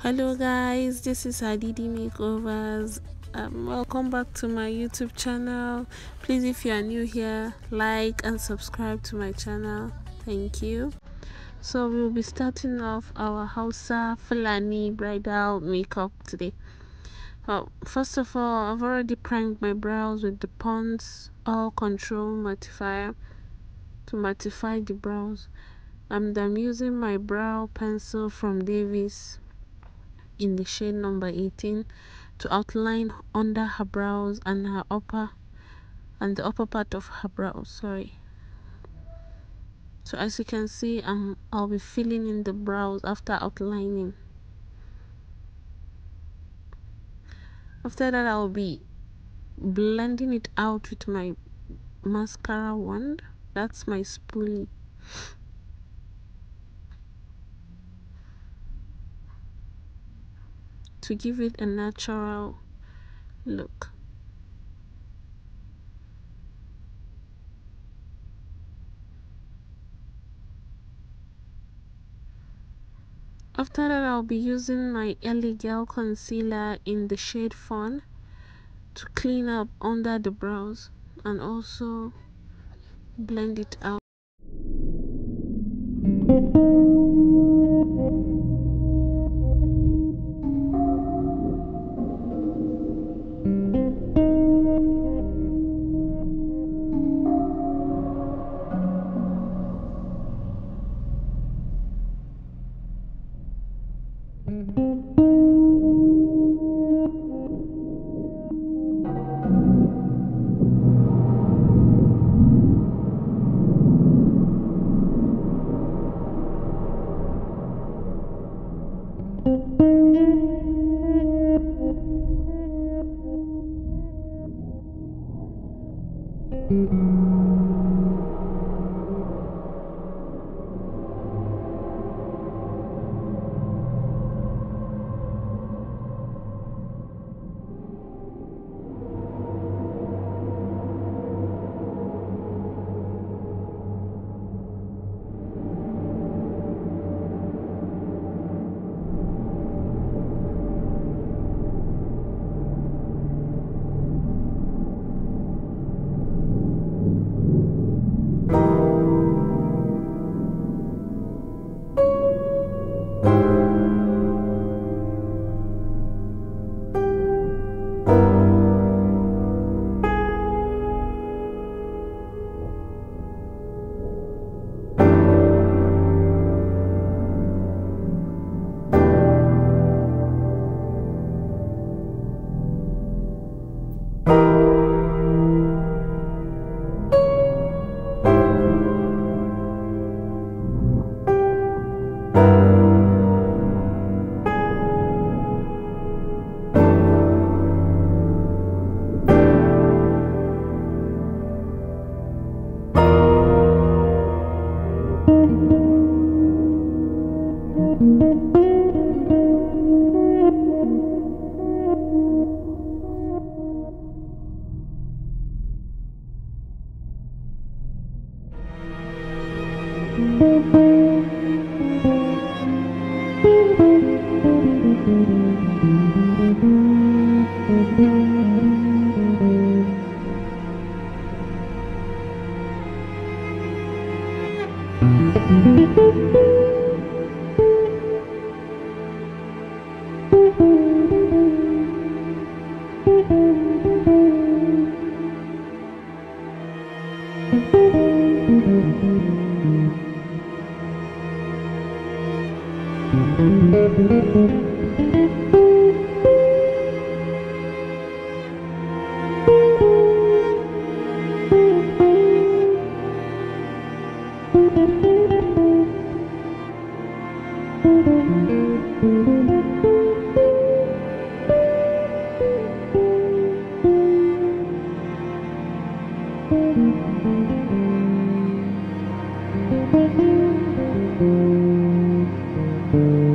hello guys this is adidi makeovers um, welcome back to my youtube channel please if you are new here like and subscribe to my channel thank you so we'll be starting off our hausa fulani bridal makeup today well first of all i've already primed my brows with the ponds all control mattifier to mattify the brows and i'm using my brow pencil from davis in the shade number 18 to outline under her brows and her upper and the upper part of her brow sorry so as you can see um, I'll be filling in the brows after outlining after that I'll be blending it out with my mascara wand that's my spoolie to give it a natural look after that I'll be using my Ellie Gel concealer in the shade Fawn to clean up under the brows and also blend it out mm-hmm. thank you